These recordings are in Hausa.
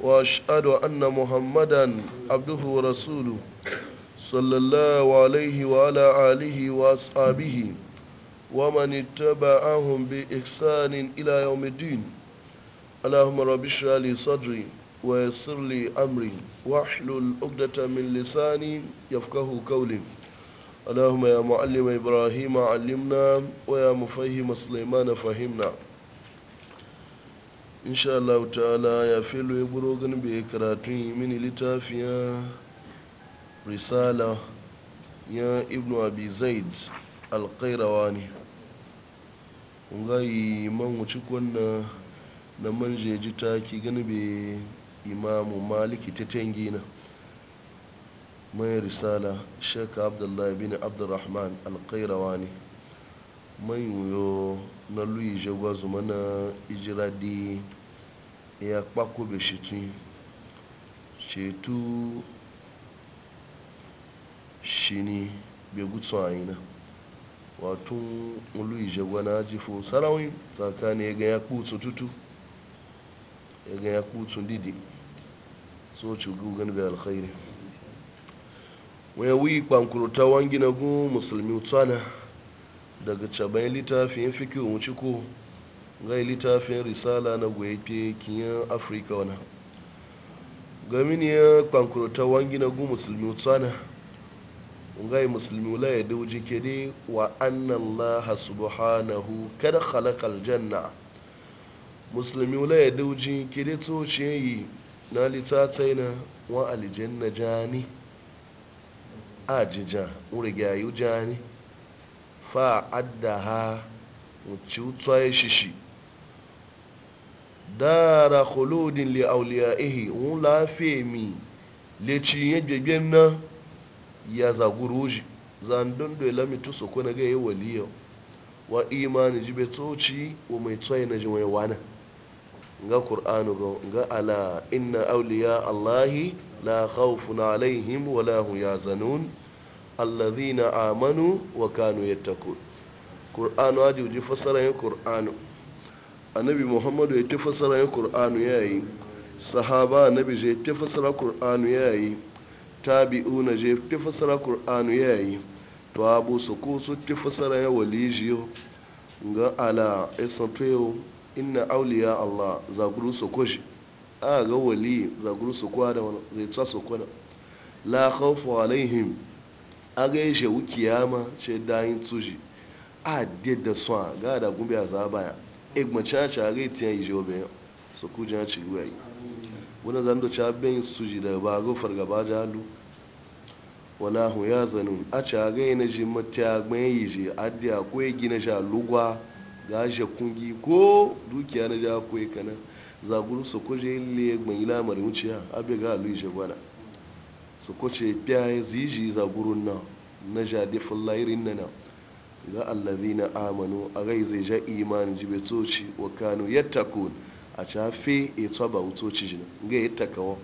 واشهد ان محمدا عبده ورسوله صلى الله عليه وعلى اله واصحابه ومن اتبعهم باحسان الى يوم الدين اللهم رب اشرح لي صدري ويسر لي امري واحلل عقده من لساني يفقه قولي اللهم يا معلم ابراهيم علمنا ويا مفهم سليمان فهمنا insha Allah ta'ala ya fi ya buro bai karatun mini littafiyan risala ya ibnu abi zaid alkairawa ne ngayi man wuce kwanna na manje ji taki gani bai imamu maliki ta tangina mai risala shek abdullahi bin abdurrahman alkairawa ne mai wuyo na lu yi zhe zuma na ijira di ya kpako be shitun shetu shini be gutsu ayina wato lu yi zhe gwa na ajifo sarawin tsakani ya ga ya kutsu tutu ya ga ya kutsu didi so ci gugan bi alkhairi wani ta wangi na gu musulmi tsana daga cabai littafin fiki wuce ko gai littafin risala na gwaike kiyan afirka wani gamin ya kwankurta wangi na gu musulmi tsana gai musulmi la ya dauji ke dai wa annan laha subhanahu kada khalaqal janna musulmi la ya dauji ke dai tsoce yi na littatai na wa aljanna jani ajija urigayu jani fa adda ha wuce shi shishi dara khuludin li awliyaihi un lafe mi le cinye gbegben na ya zaguru shi zandun da lami tu su kuna ga yi waliyo wa imani ji be toci wa mai tsaye na jima'i wani ga qur'anu ga ala inna auliya allahi la khawfun alaihim wala la ya zanun. allazina amanu wa kanu yattaqun qur'anu wajibu ji fasara yin qur'anu annabi muhammadu ya ta fasara yin qur'anu yayi sahaba annabi zai ta fasara qur'anu yayi tabi'una zai ta fasara qur'anu yayi to abu su ko su ta fasara ya walijiyo ga ala isatuyo inna awliya allah zaguru su koshi a ga wali zaguru su kwa da wani zai tsa kwa da. la khawfu alaihim aga shi wu kiyama shi dayin tsuji a de da a, ga da gumbe zaba ya igma chacha aga tiyan jiwa bayan su ku jan ci ruwa yi wani zando ca bayan suji da ba go fargaba halu wala hu ya zanu a cha aga na ji mata gban yi je ko akwai gina sha lugwa ga shi kungi ko dukiya na ja akwai kana zaguru so ko je le gbanyi lamarin marin wuciya abe ga yi je gwana. su kwace fiye ziji za gurun na na jadifin layirin nan na ga allazi na amanu a gai zai ja imanin jibe toci wa kanu yadda ku a cafe e taba wutoci jina ga yadda kawo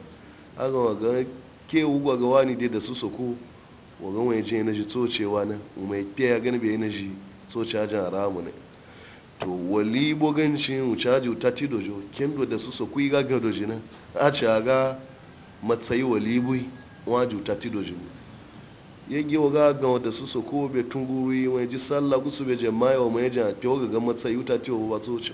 a ga waga ke wuga ga wani dai da su soko waga wani jin na ji tocewa na mai fiye ya gani bai na ji toci a jan ramu ne to wali wuce wucaji ta ti dojo kendo da su soko yi gaga dojo a ci a ga matsayi wali bui waju ta tido jibu yagi waga ga wanda su so ko be yi wai ji sallah gusu be jama'a wa mai jan fiye ga matsayi wuta ce wa wato ce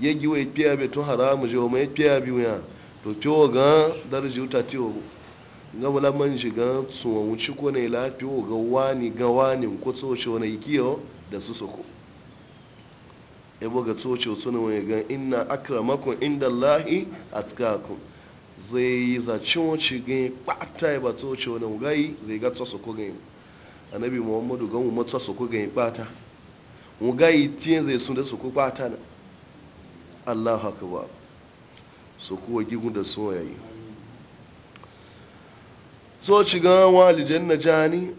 yagi wai fiye be tun haramu je wa mai fiye biyu ya to fiye ga darji wuta ce wa ga mula man shiga tsuwa wuci ko ne la fiye ga wani ga wani ko tsoce wani ikiyo da su so ko ebo ga wa tsunan wani ga inna akramakum indallahi atqakum zai yi zacin wace ganye ɓata ya bata ce wani gai zai ga tsasa ko ganye annabi muhammadu gan mu matsa su ko gani ɓata mu gai tiyan zai sun da su ko ɓata na allah haka ba su kuwa gigun da so yayi so ci ga walijan na jani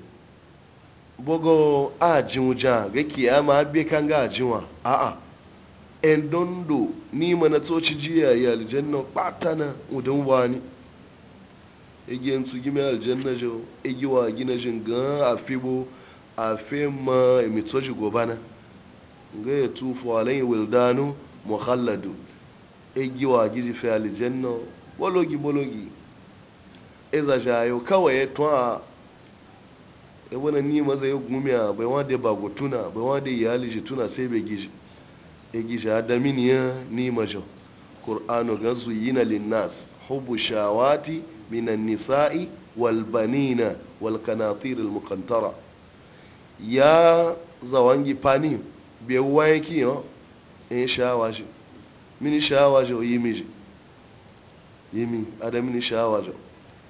bogo ajin wuja ga kiyama abbe kan ga ajinwa a'a en dondo ni mana tsoci jiya ya aljanna patana udan wani egiyan su gime aljanna jo egiwa gina jin gan afibo afe ma emitsoji gobana ga ya tufu alayin wildanu muhalladu egiwa gizi fe aljanna bologi bologi eza jayo kawai ya e tuwa ya e wani ni maza ya gumiya bai wade bagotuna bai wade iyali tuna sai bai gizi sha damin ya ni majo ƙur'anu ga na linnas hubu shawati minan nisa'i wal banina wal qanatir al muqantara ya fani pani be wayki yo in e shawaje mini shawaje yi mi adamin ni shawaje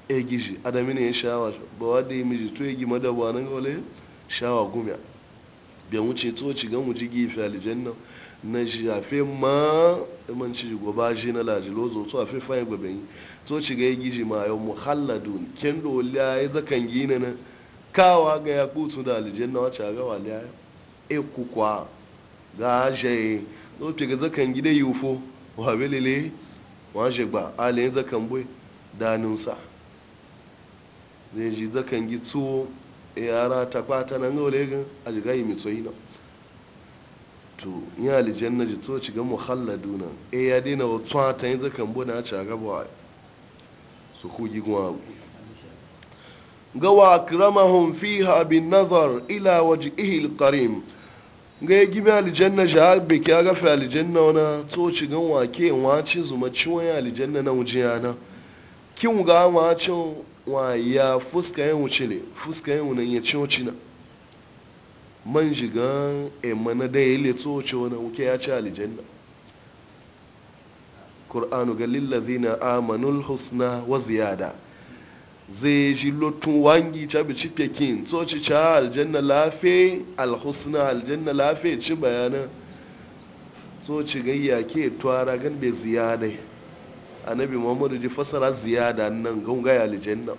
egiji adamin ni shawaje ba wada yimiji to egi madabu anan gole shawa gumya be wuce to ci ga mu ji gifi aljanna na shi afe ma e man ci goba shi na laji lozo so afe fayin gobe yi so ci ga yi giji ma yau muhalladu ken do liya ya zakan gina na kawa ga ya kutu da alijen na wacce ga waliya e kukwa ga je so ci ga zakan gida yufo wa belele wa je gba ale zakan boy danin sa zai ji zakan gi tuwo e yara ta kwata nan ga wale ga a jiga yi mitsoyi na to yin aljanna ji to ci ga muhalladuna e ya dina wa tsuwa ta yin zakan bu na ci a gaba su kugi gwa gawa kiramahun fiha bin nazar ila waje ihil karim ga ya gimi aljanna ji har bai kya gafe aljanna wana to ci gan wake wace zuma ciwon aljanna na wuce yana kin ga wacin wa ya fuska yin wuce ne fuska yin wunan ya ci wuce na man shigan emana da ya ile tsoce wani wuke ya ci alijanna ƙur'anu ga na amanul husna wa ziyada zai ji lotun wangi ta bi cipe tsoci ca aljanna lafe alhusna aljanna lafe ci bayanan tsoci gayya ke tuwara gan bai ziyadai annabi muhammadu ji fasara ziyada nan gan gaya aljanna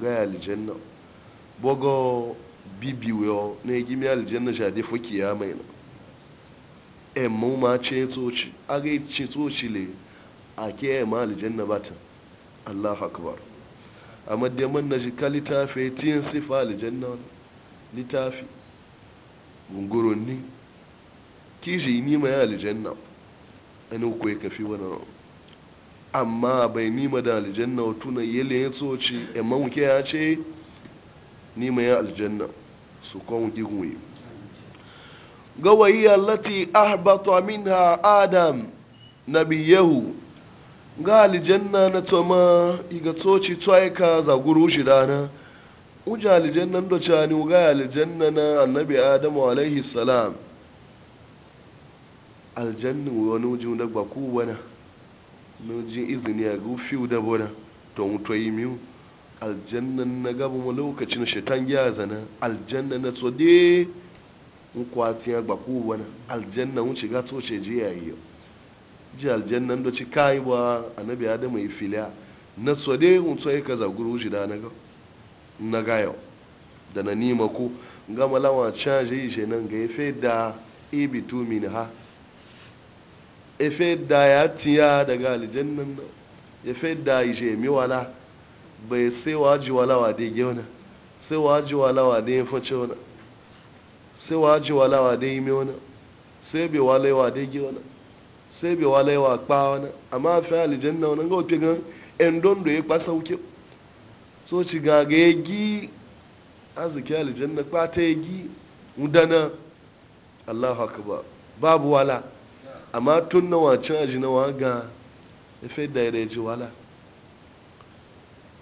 gaya aljanna bogo bibiyo na gimi aljanna shade fuki ya mai na emu ma ce tsoci a ga ce tsoci le a ke ma aljanna ba ta allah akbar a madaman na jika littafi tiyan sifa aljanna littafi gungurunni kishi ni ma ya aljanna ani ko ya kafi wani rau amma bai nima da aljanna tuna yele ya tsoci emu ke ya ce ni mai aljanna su kwan gigwe gawayi allati ahbata minha adam nabiyahu ga aljanna na toma iga toci tsoika za guru shi dana uja aljanna da cani ga aljanna na annabi adamu alaihi salam aljanna wani wujin da ba wani nujin izini a gufi da bona to mutoyi miyu aljannan na gaba mu lokacin shaitan ya zana aljannan na tsode in kwati ya gbaku wani aljannan mun shiga toce ji yi ji aljannan da ci kayi ba annabi adam yi filiya na tsode mun tsoye ka zaguru ji da na ga na ga yau da na nima ko ga malawa caje yi nan ga yafe da tu min ha efe da ya tiya daga aljannan ya fe da yi je miwala bai sai waji wala dai gyauna sai waji walawa dai face wani sai waji wala dai yi wani sai bai walaiwa dai gyauna sai bai walaiwa kpa wani amma fi na wani ga wafi gan don do ya kpa sauke so ci ga ya gi arziki alijanna kpa ta ya gi mudana allahu akbar babu wala amma tun na wacan aji na waga ya fi da ya ji wala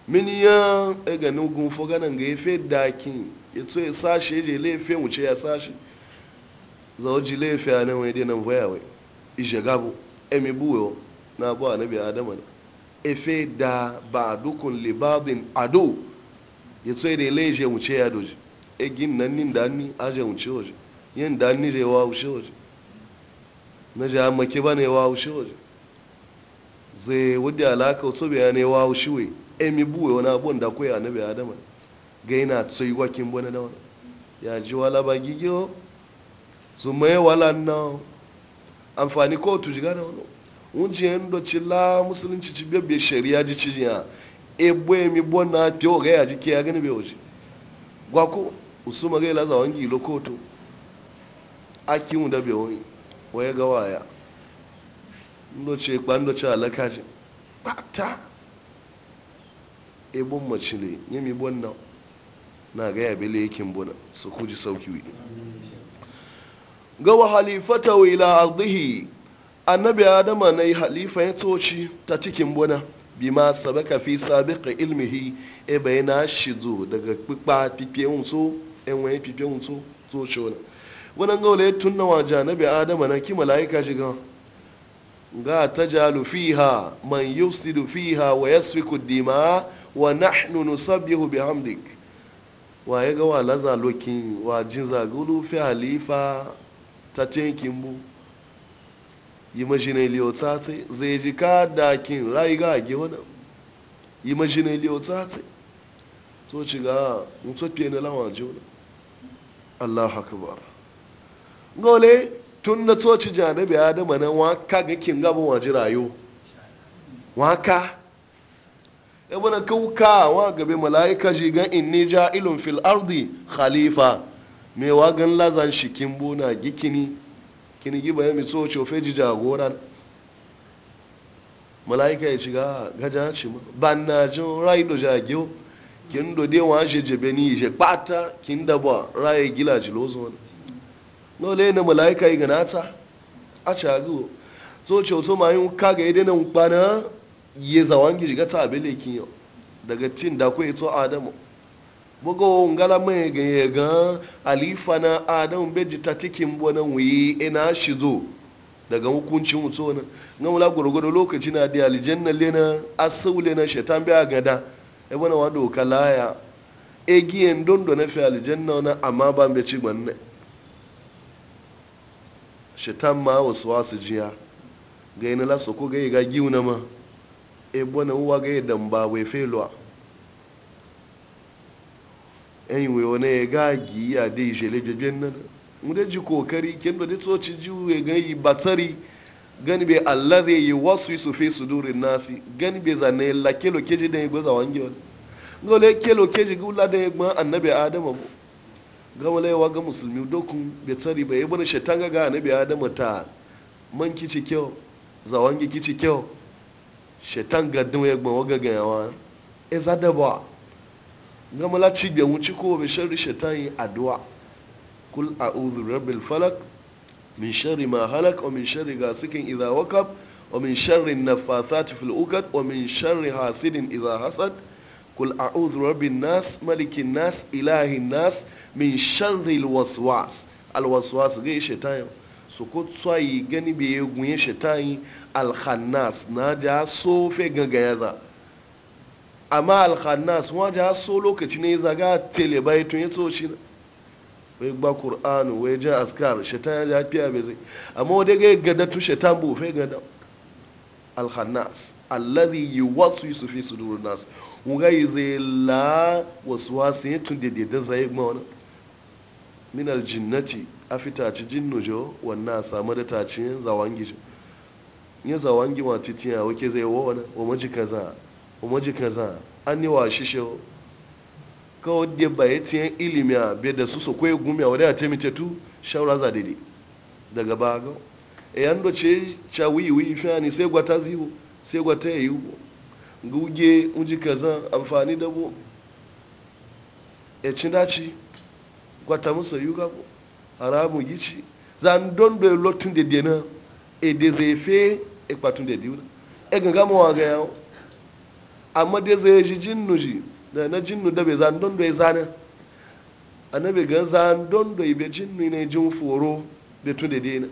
miniyan eganin gunfo ganin ga ya fi dakin ya tso ya sashi ya laifin wuce ya sashi za o ji laifin a nan wani dinan wayawai ishe gabo emi buwo na abu a nabi adama ne fi da ba dukun libadin ado ya tso ya laifin wuce ya doji gin nan nin da ni je wuce waje yin da ni da wa wuce waje na ji amma ke ba ne wa wuce waje zai wadda alaka wasu bayanai wa wuce waje emi buwe wani abun da koya annabi adama ga yana tsoyi wakin bane da wani ya ji wala ba gigiyo su mai wala na amfani ko tu jiga da wani wunci yin da ci la musulunci ci bebe shari'a ji ci jiya ebo emi bona fiyo ga ya ji ke ya gani bai wuce gwako usuma ga ilaza wangi ilo kotu aki mu da bai wani waya ga waya ndo ce kpa ndo ce alaka ji ta ebon mace ne ya mi bonna na gaya bele yakin bona su kuji sauki wi wa halifata wa ila ardihi annabi adama nai halifa ya toci ta cikin bona bi ma sabaka fi sabiqa ilmihi e bai na shizo daga kpikpa pipiye wunso enwe pipe unso zo chona wannan ga ya tunna wa janabi adama na ki mala'ika shiga ga tajalu fiha man yusidu fiha wa yasfiku dima wa nahnu nusabbihu bihamdik wa ya ga wala zalokin wa jin zagulu fi halifa ta cikin bu yi majina liyota zai ji ka dakin rayu ga age wani yi majina liyota ta to ci ga mutu na lawan jiwa Allah akbar gole tun na toci janabi adama na waka ga kin gaba waji rayu waka ibn kauka wa gabe malaika shi gan inni ja'ilun fil ardi khalifa me wa gan lazan shi kin buna gikini kini giba ya mitso cofe ji jagoran malaika ya shiga gaja shi ban na jin rai do jagyo kin do de wa shi jebe ni je pata kin da ba rai gila ji lozo no le na malaika yi ganata a chago so cofe ma yin kaga idan nan kwana ye zawangi jiga ta abele kinyo daga tin da ko ito adamu bugo ngala mai ga ye ga alifa na adamu beji ta tikin bona wuyi ina zo daga hukuncin wuto na wula gurgudu lokaci na da na lena asawle na shaitan biya gada ya bona wa doka laya don dondo na fi alijen na amma ban be ci gwanne shaitan ma wasu wasu jiya ga na lasa ko ga yi ga giwu na ma ebona na uwa ga dan ba we felwa en we one e ga gi ya de jele jejen nan mu de ji kokari kin da to ci ji we ga yi batari gani be allazi yuwaswisu fi sudurin nasi gani be zane la kelo keje da goza wange wani ngole kelo keje gula da gba annabi adama bo gawala yawa ga e musulmi dokun be tsari yi e bane shetanga ga annabi adama ta man kici kyau zawangi kici kyau shetan gadin ya ci wuci ko bi sharri shetan addu'a kul falak min ma halak wa min gasikin idha waqab wa min fil ukat wa min sharri hasad kul a'udhu rabbin nas malikin nas ilahin nas min alwaswas alwaswas shetan su ko tsayi gani bai yi gunye shi ta yi alhannas na ja so fe gaga ya za amma alhannas wa ja so lokaci ne zaga tele bai tun ya so shi wai ba qur'anu wai ja askar shaitan ya fiya bai zai amma wadai ga gada tun shaitan bu fe gada alhannas alladhi su fi sudurin nas mun ga yi zai la wasu wasu ne tun da zai ma wani minal jinnati a fitaci jinnu jo wannan samu da taci zawangi jo ya zawangi ma titiya wake zai wo wani wa maji kaza wa maji kaza an yi wa shi kawo da baye tiyan ilimi a bai da su so kwaye gumi a wadda ta mita tu shawara za daidai daga ba ga e yan do ce cha wi wi fani sai gwata ziwo sai gwata yi wo guge unji kaza amfani da bu e cin daci gwata musu yuga ko haramu gici zan don do lotun de dena e de zefe e patun de diuna e ganga mo waga yawo amma de zai ji jinnu ji da na jinnu da bai zan don do e zana annabi ga zan don do be jinnu ne jin foro be tun de dena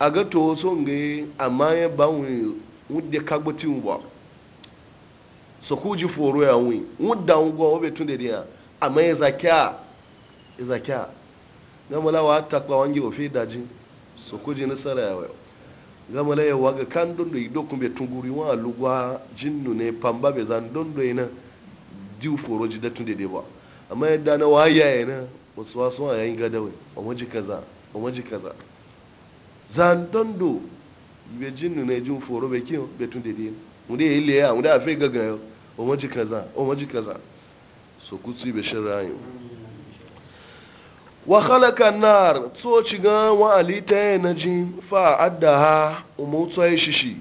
a ga to so ngai amma ya ba mu wudde kagbotin ba so ku ji foro ya wi wudda ngwa obe tun de dena amma ya zakiya iza kya gamala wa takwa wangi ofi daji so kuji nasara ya wayo gamala ya waga kan dondo ido kumbe tunguri wa lugwa jinnu ne pamba be zan dondo ina diu foro ji da tunde ba amma yadda na waya yana wasu wasu wa yayin gadawai a maji kaza a maji kaza zan dondo be jinnu ne jin foro be kiyo be tunde deba wanda ya yi leya wanda a fai gagayo a maji kaza a maji kaza so kutsu be shirrayin wa khalaqa nar so ciga wa alita na ji fa addaha umutsa shishi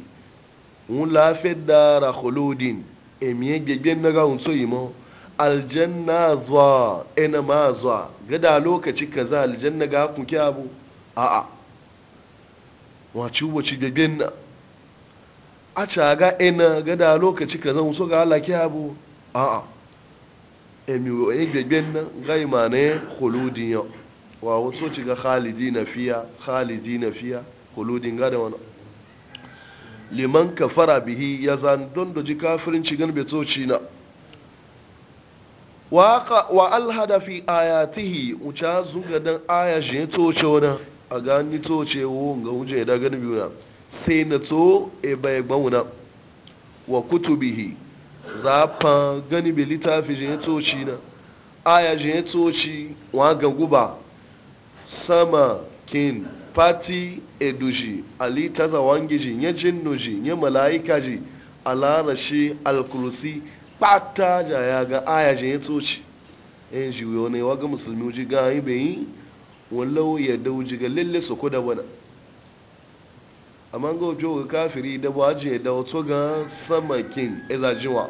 un la fedara khuludin emiye gbegbe naga un so yimo aljanna zuwa ina zuwa gada lokaci kaza aljanna ga kun ki abu a'a wace wace gbegbe na a caga gada lokaci kaza un so ga Allah abu a'a emiwo e gbegben nan gai mane kholudi yau wa wato ci ga khalidi na fiya khalidi na fiya kholudi ga da wani liman kafara bihi ya zan don doji kafirin ci gan ci na wa alhada fi ayatihi wuce zuga dan aya shi toce wani a gani toce wo ga wuce ya gani biyu na sai na to e bai e gbanwuna wa kutubihi zafa gani bai littafi jin tsoci na aya jin tsoci wa ga guba sama kin fati eduji ali ta zawangi jin ya jinnu jin ya mala'ika ji alarashi alkulusi pata ja ya ga aya jin tsoci yan e jiwo ne wa ga musulmi ji ga yi bai yi ya dauji ga lalle su kuda wani amma ga ojo ga kafiri da ba je da wato ga sama kin eza jiwa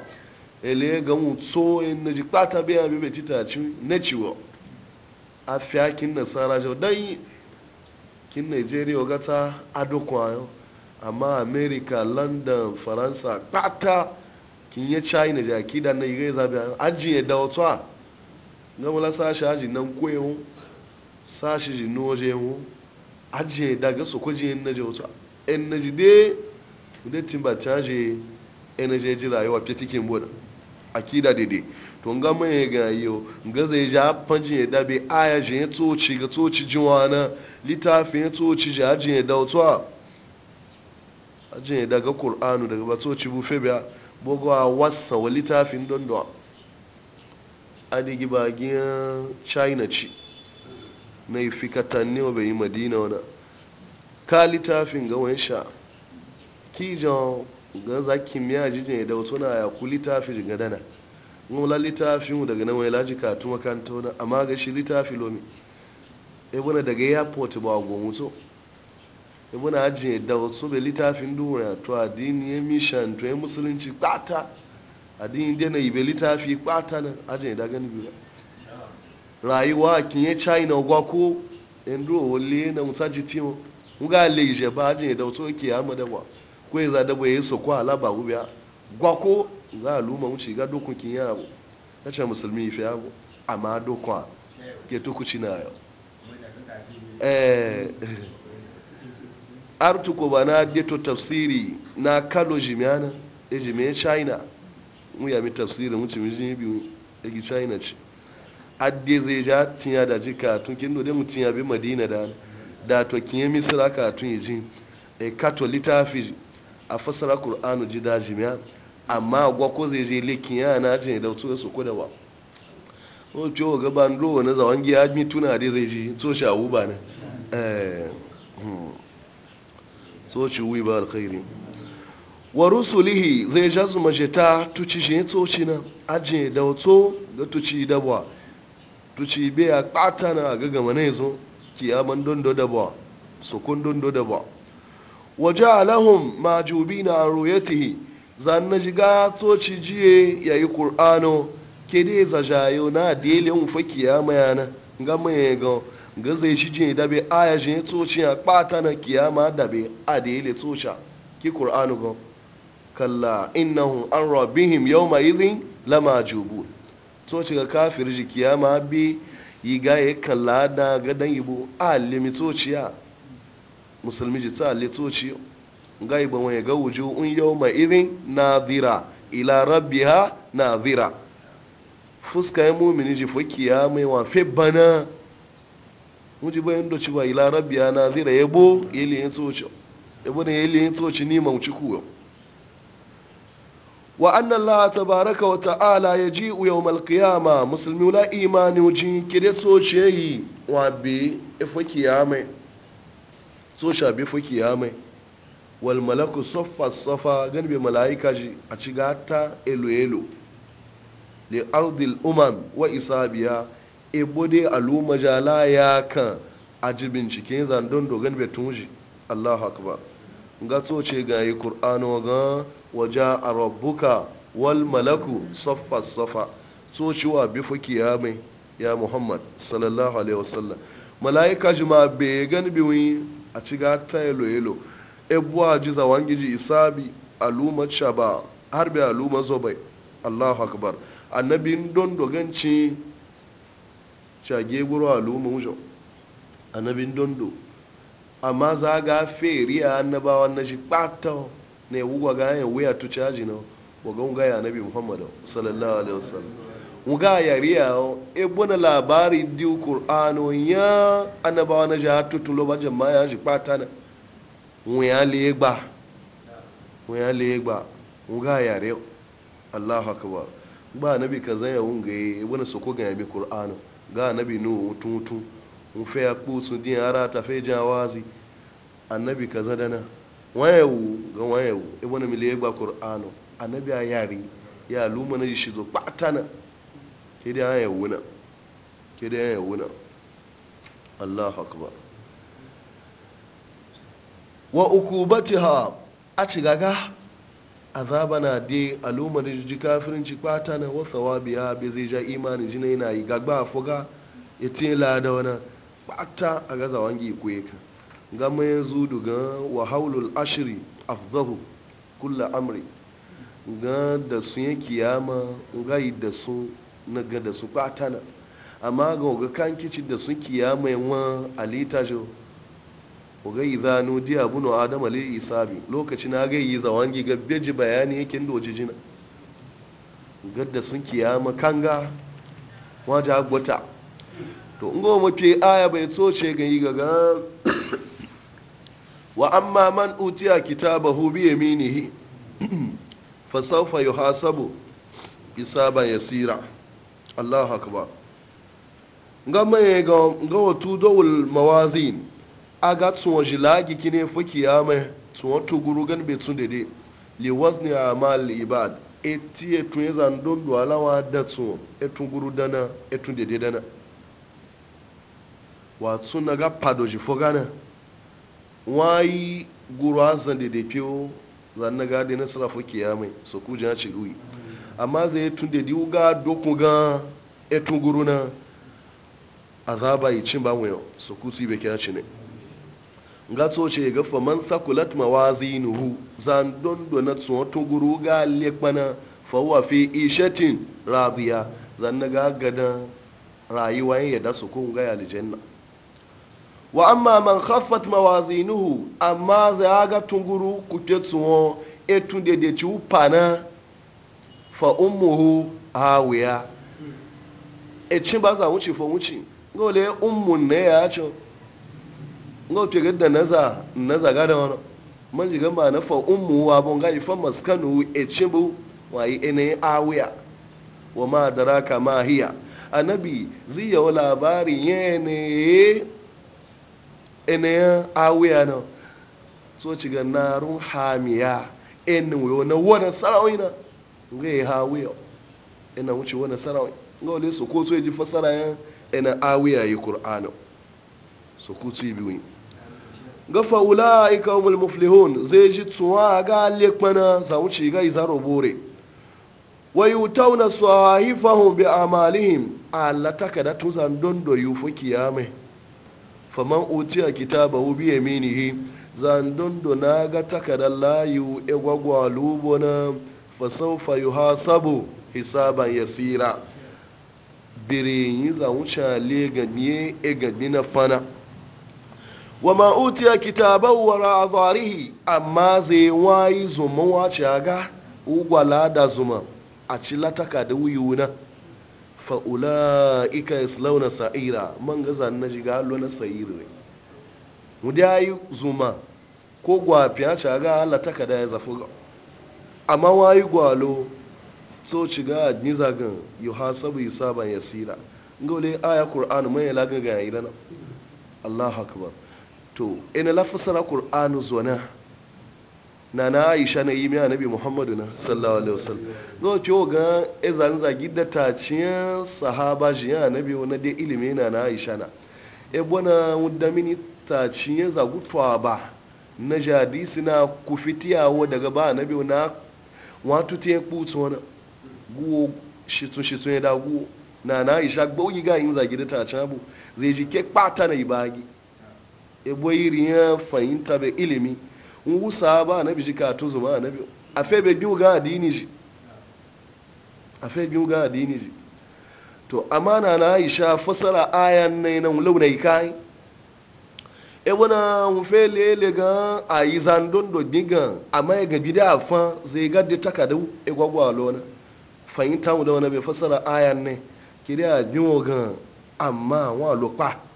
ele ga so in e na ji kpata biya bi tita titaci na ciwo a fiya kin sara jo dai kin nigeria ga ta adokwayo amma america london faransa kpata kin ya china ja kida na za biya ajiye da wato a ga sa sashi aji nan koyo sashi ji noje ho ajiye daga su kujiyin na wato. energy de da timba charge energy ji rayuwa fi tikin bodan akida dai? to nga mai ga yo nga zai ja panji ya dabe aya je ci ga toci jiwana litafin to ci ja ajin ya A ajin da daga qur'anu daga ba toci bufe biya bogo a wasa wa litafin don don adigi gibagin china ci na ifikatan ne wa bai yi madina wana ka littafin ga wansha kijan ga za kimiyya jijin ya wato na ya ku littafi ga dana nula littafin daga nan wai laji katu makanta wani amma ga shi littafi lomi ibuna e daga poti ba gomuto ya e ibuna aji ya wato bai littafin duniya to adini ya mishan to ya musulunci kwata addini dai na ibe littafi kwata na ajin daga gani biyu rayuwa kin ya china gwa ko endo wole na mutaji timo nga leje ba je da wato ke ya mada ba ko ya da bai so ko ala ba ubiya gwa ko nga luma wuce ga dokun kin ya abu na ce musulmi fi abu amma dokun ke to kuci na yau eh artu ko bana de to tafsiri na kalo jimiana e jimi china mu ya mi tafsiri mu ci mi jimi biyu e gi china ci adde zaija tinya da jika tun kin de mu tinya bi madina da da to kinye misira tun yi jin e kato littafi a fasara qur'anu ji da jimiya amma gwa ko zai je likin ya jin da to su kuda ba o o ga n ruwa na zawon giya mi tuna dai zai ji so shawu ba ne eh, hmm. so shi wi ba alkhairi wa rusulihi zai mace ta tuci shi shi na ajin da wato ga tuci dabwa tuci be a kpata na ga gama ne kiyaman dondo da ba sukun dondo da ba waje alahun majubi na royatihi zan na ji jiga tsoci jiye ya yi ƙur'ano ke dai zajayo na dele un fa kiyama yana ga mai ga ga zai shi jin da be aya jin tsoci ya kpata na kiyama da be a dele tsoca ki ƙur'ano ga kalla innahum an rabbihim yawma idhin lama jubu tsoci ga kafir ji kiyama bi yi e ga ya kalla da gadan bu a limitociya musulmi ji ta litoci ga ibo e ya ga wujo un yau mai irin nadira ila na nadira fuska ya mumini ji ya mai wa fe bana muji bayan doci ba ila rabbiha nadira yabo yeli yin toci yabo ne yeli yin toci ni mauci kuwa wa annan la tabaraka wa ta'ala ya ji yau malkiyama musulmi la imani ji kire tsoce yi wa bi ifa kiyamai tsoca bi ifa wal malaku soffa soffa gani bi mala'ika ji a ci elo elo li ardil umam wa isabiya e dai aluma jala ya kan a ji binciken zandon dogon betunji allahu akbar ga tsoce ga yi ƙur'ano ga waje a rabbuka wal malaku saffa saffa tsocewa bifu kiyamai ya muhammad sallallahu alaihi wasallam mala'ika ji ma bai gan biwi a ci ga ta yalo yelo ebuwa ji zawan giji bi aluma ba har bi aluma bai allahu akbar annabin don doganci shage guru aluma wujo annabin dondo amma za ga a annabawa na shi ɓata ne wuga ga yin wuya tu caji na wuga wuga ya nabi muhammad sallallahu alaihi wasallam wuga ya riya e na labari diu qur'ano ya annabawa na shi hatu tulo ba jama'a ya shi ɓata na wuya legba wuya legba wuga ya re allahu akbar ba nabi ka ya wunga ebuna e su ko ga ya bi qur'ano ga nabi nu mutu mutu rufe ya kusu din ara ta fe jawazi annabi kaza zadana wayewu ga wayewu ibn e miliye ba qur'ano annabi ya yari ya luma na shi zo patana ke da ya wuna ke da ya wuna Allahu akbar wa ukubatiha a ci gaga azaba na de aluma da ji kafirin ci patana wa sawabiya bai zai ja imanin jina yana yi gagba fuga e yatin lada wani bata a gaza wangi kuye ka gama ya zo daga wa haulul ashiri afzahu kulla amri ga da sun ya kiyama gai da su na ga da su bata na amma ga ga kan kici da sun kiyama yawan alita jo ga di abu bunu adam ali isabi lokacin na ga yi zawangi ga beji bayani yake doji jina da sun kiyama kanga waje agbata to ngo mafi aya bai ce ga yi gaga wa amma man utiya kitabahu bi yaminihi fa sawfa yuhasabu hisaban yasira Allahu akbar nga mai ga ga watu dawul mawazin aga tsuwa jilagi kine fuki ya mai tsuwa guru gan bai tsun dede li wazni amal ibad etie tun zan don duwalawa da tsuwa etun guru dana etun dede dana wato na ga padoji fo gana wayi guru azan da da fiyo zan na ga da na sarrafa kiyamai so ku jina ce ruwi amma zai yi e tun da diwu ga dokun ga etun guru na azaba yi cin ba mu so ku su yi bai kira ci ne ga so ce ga fa man sakulat nuhu zan dondo na tsohon guru ga lekpana fa huwa fi ishatin rabiya zan na ga gadan rayuwa ya da su kun ga aljanna wa amma man khaffat mawazinuhu amma za ga tunguru kuke tsuwo etun da da ci pana fa ummuhu hawiya e cin ba za wuce fa wuce ngole ummun ne ya ci ngo te gadda naza naza ga da wani man jiga ma na fa ummu wa bon ga fa maskanu e cin bu wayi ene awiya wa ma daraka ma hiya annabi zai yau labarin yene eneyan awuya na so ci ga narun hamiya enin wuyo na wona sarawai na ga yi hawiya. ina wuce wona sarawai ga wani su ko ji fasara yan ina awuya yi kur'anu su ku su yi biyu ga faula ika umul muflihun zai ji tsuwa ga lekmana za wuce ga yi zaro bore wayutauna sahifahum bi amalihim Allah takada tuzan dondo yufu kiyamai faman utiya hu biye minihi zandun na ga takadar layu igwagwa e lubona fasaufa yuhasabu hisaban yasira yi za wuce le ganye e ganye na fana wa ma hu wara wa ra'adharihi amma zai wayi zuma wace ga ugwala da zuma a cila lataka da wuyuna fa'ula ika islauna sa'ira man gaza na shiga hallo na sa'iri ne mu da yi zuma ko gwafiya ci ga Allah ta kada ya zafi amma wayi gwalo so ci ga ni zagan yu hasabu yusaban yasira ngole aya qur'an mai lagaga ya yi lana Allahu akbar to ina lafasara qur'anu zuwa na na aisha na yi mai annabi muhammadu na sallallahu alaihi wasallam zo ciwo ga ezan zagi da ciye sahaba shi ya annabi na dai ilimi na na aisha na e bona mudda mini ciye zagu ba na jadisi na wa daga ba annabi na watu te kutu wani guwo shitun shitun ya da guwo na na aisha gbogi ga yin zagi da ciye abu zai ji ke kpata na ibagi e boyi riyan fahimta bai ilimi ngusa ba anabi jikatu zuma anabi afe be biu ga adini ji afe biu ga adini ji to amana na aisha fasara ayan ne nan launai kai e wana fe lele ga ayi zandon do giga amma e ga bida fa zai ga de takadu e gwagwa lona fahimta mu da wani bai fasara ayan ne a biu ga amma wa lokpa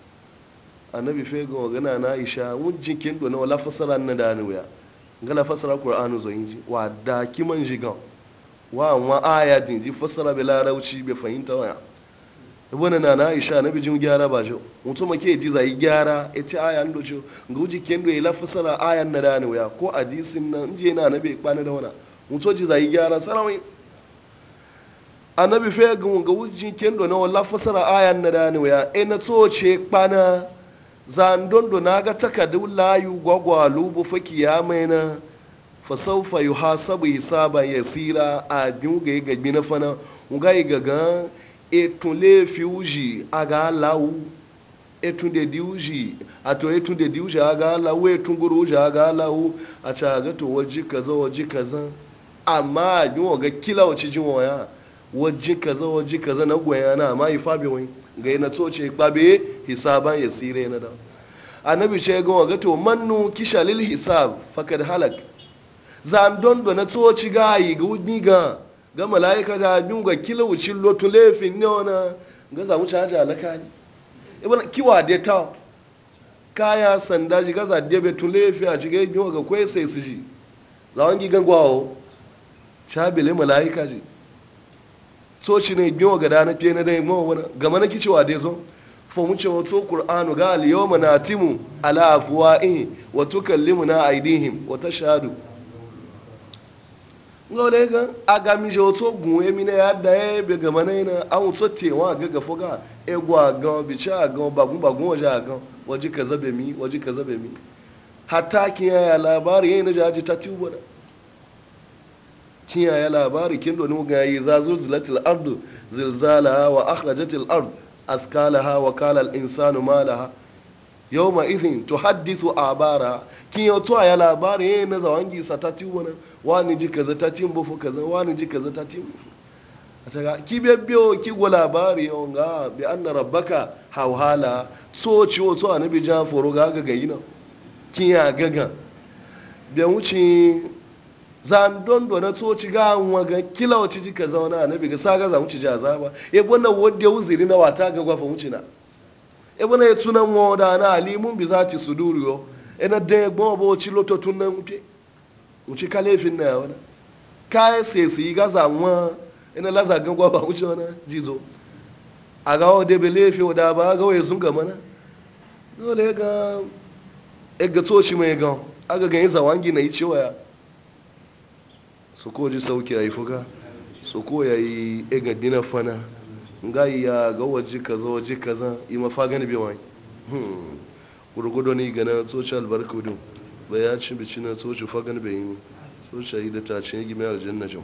annabi fe ga wagana na aisha wujin kin dona na wala fasara na da ni wuya ngala fasara qur'anu zo inji wa da ki man jiga wa wa aya din ji fasara bi larauci bi fahimta waya ibn na na aisha annabi jin gyara ba jo mutum ake ji zai gyara ita aya ndo jo nguji kin dona ila fasara aya na da ni wuya ko hadisin nan inji na annabi kwana da wana mutum ji zai gyara sarawai annabi fe ga wujin kin dona na wala fasara na da ni wuya e na tsoce kwana zandondo na ga takadu layu gwagwalu bu faki ya mai na fasaufa yi hasabu yi saba ya tsira a biyu ga yi gabi na fana ga yi gaga etun lefi uji a ga lawu etun da diuji a to etun da diuji a ga lawu etun guru uji a ga lawu a ca ga to waje kaza waje kaza amma a biyu ga kila wace jin waya waje kaza waje kaza na gwaya na amma yi fabi wani ga yi na tsoce kpabe hisaba ya sire na dan annabi ce ga waga to mannu lil hisab fakad halak Za an dondo na tsoci ga yi ga wudni ga ga malaika da bin ga wucin lotu lefin ne wana ga za mu haja alaka ne ibn kiwa da ta kaya sanda ji ga da be lefi a shiga yin ga kwai sai su ji Za wangi gigan gwawo shabile malaika ji tsoci ne yin ga da na fiye na dai mawa wani gama na kicewa dai zo Fa ce wato ƙur'anu ga al-yawma natimu ala afwa'ihi wa tukallimuna aydihim wa tashhadu ngole ga aga mi je wato gunwe mi na da ya be ga mana ina an wato wa ga ga foga e gwa ga bi cha ga bagun bagun waje ga ji ka zabe mi waje ka zabe mi hatta ya labari yayin da jaji ta tiwo da kiyaye labari kin do ni ga yi zazu zilatil ardu zilzala wa akhrajatil ardu askalaha wa kala yau ma izin to haddisu a bara kin yau tuwa ya labari yi na zawangi sa ta ti wani wani ji kaza ta ti bufu kaza wani ji kaza ta ti bufu ga ki biyo ki go labari on ga bi anna rabbaka hawhala so ci wato annabi jafuru ga ga gayina kin ya gaga bi wuce zan don dona to ci ga waga kila wace ji ka zauna na biga saga za mu ci ja zaba e bona wodde uziri na wata ga gwafa mu ci na e bona ya tuna mu da na alimun bi suduru yo e na de gbo bo ci loto tun muke mu ci kale fin na wala kai e se se ga za mu e na la za ga gwafa mu ci na jizo a ga wode be lefe da ba ga waye sun ga mana dole ga e ga to ci mai ga aga ga yin e zawangi na yi ciwaya. su ko ji sauki ya yi fuka su ko ya yi ega dina fana nga ya ga waje kaza waje kaza yi mafa gani bai wani hmm, gurgudu ne gana tsoci albarka bai ya ci bici na tsoci fagan bai yi tsoci yi da tace ya gimi na jam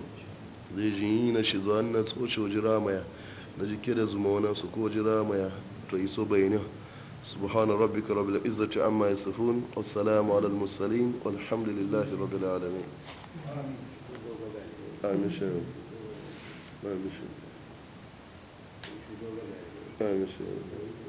zai ji yi na shi zuwa na tsoci waje ramaya na jike da zuma wani su ko waje ramaya to iso bayanin سبحان ربك رب العزة عما يصفون والسلام على المرسلين والحمد لله رب العالمين פעם 2007. פעם 2007.